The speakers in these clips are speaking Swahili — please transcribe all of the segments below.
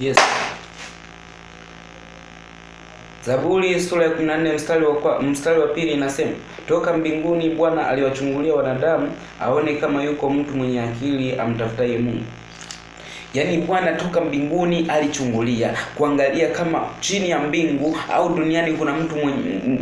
Yes. Zaburi sura ya 14 mstari wa mstari wa pili inasema, toka mbinguni Bwana aliwachungulia wanadamu, aone kama yuko mtu mwenye akili amtafutaye Mungu. Yaani Bwana toka mbinguni alichungulia kuangalia kama chini ya mbingu au duniani kuna mtu mwenye,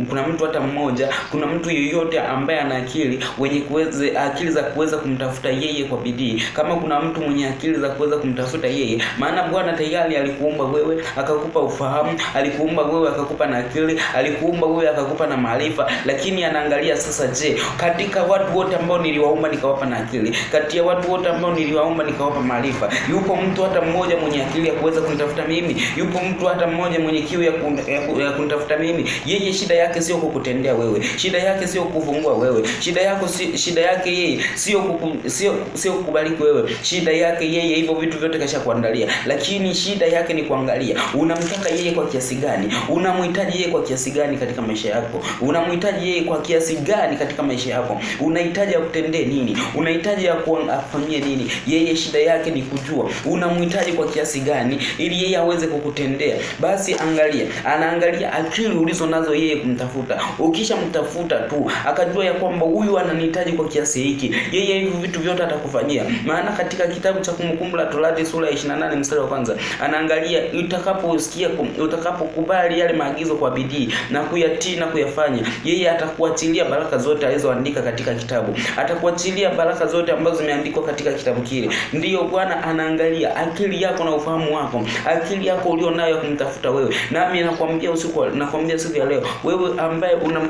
kuna mtu hata mmoja, kuna mtu yeyote ambaye ana akili wenye kuweze akili za kuweza kumtafuta yeye kwa bidii, kama kuna mtu mwenye akili za kuweza kumtafuta yeye. Maana Bwana tayari alikuumba wewe akakupa ufahamu, alikuumba wewe akakupa na akili, alikuumba wewe akakupa na maarifa, lakini anaangalia sasa, je, katika watu wote ambao niliwaumba nikawapa na akili, kati ya watu wote ambao niliwaumba nikawapa maarifa, yupo mtu hata mmoja mwenye akili ya kuweza kunitafuta mimi, yupo mtu hata mmoja mwenye kiu ya, kun, ya ya kunitafuta mimi. Yeye shida yake sio kukutendea wewe, shida yake sio kufungua wewe, shida yako si, shida yake yeye sio sio sio kukubariki wewe, shida yake yeye hivyo vitu vyote kuandalia, lakini shida yake ni kuangalia unamtaka yeye kwa kiasi gani, unamhitaji yeye kwa kiasi gani katika maisha yako, unamhitaji yeye kwa kiasi gani katika maisha yako, unahitaji akutendee nini, unahitaji akufanyie nini. Yeye shida yake ni kujua unamhitaji kwa kiasi gani ili yeye aweze kukutendea. Basi angalia, anaangalia akili ulizo nazo yeye kumtafuta. Ukishamtafuta tu akajua ya kwamba huyu ananihitaji kwa kiasi hiki, yeye hivi vitu vyote atakufanyia. Maana katika kitabu cha Kumbukumbu la Torati sura ya 28 mstari wa kwanza anaangalia utakaposikia, utakapokubali yale maagizo kwa bidii na kuyatii na kuyafanya, yeye atakuachilia baraka zote alizoandika katika kitabu, atakuachilia baraka zote ambazo zimeandikwa katika kitabu kile. Ndiyo Bwana anaangalia kuangalia akili yako na ufahamu wako, akili yako ulionayo kumtafuta wewe. Nami nakwambia usiku, nakwambia siku ya leo, wewe ambaye una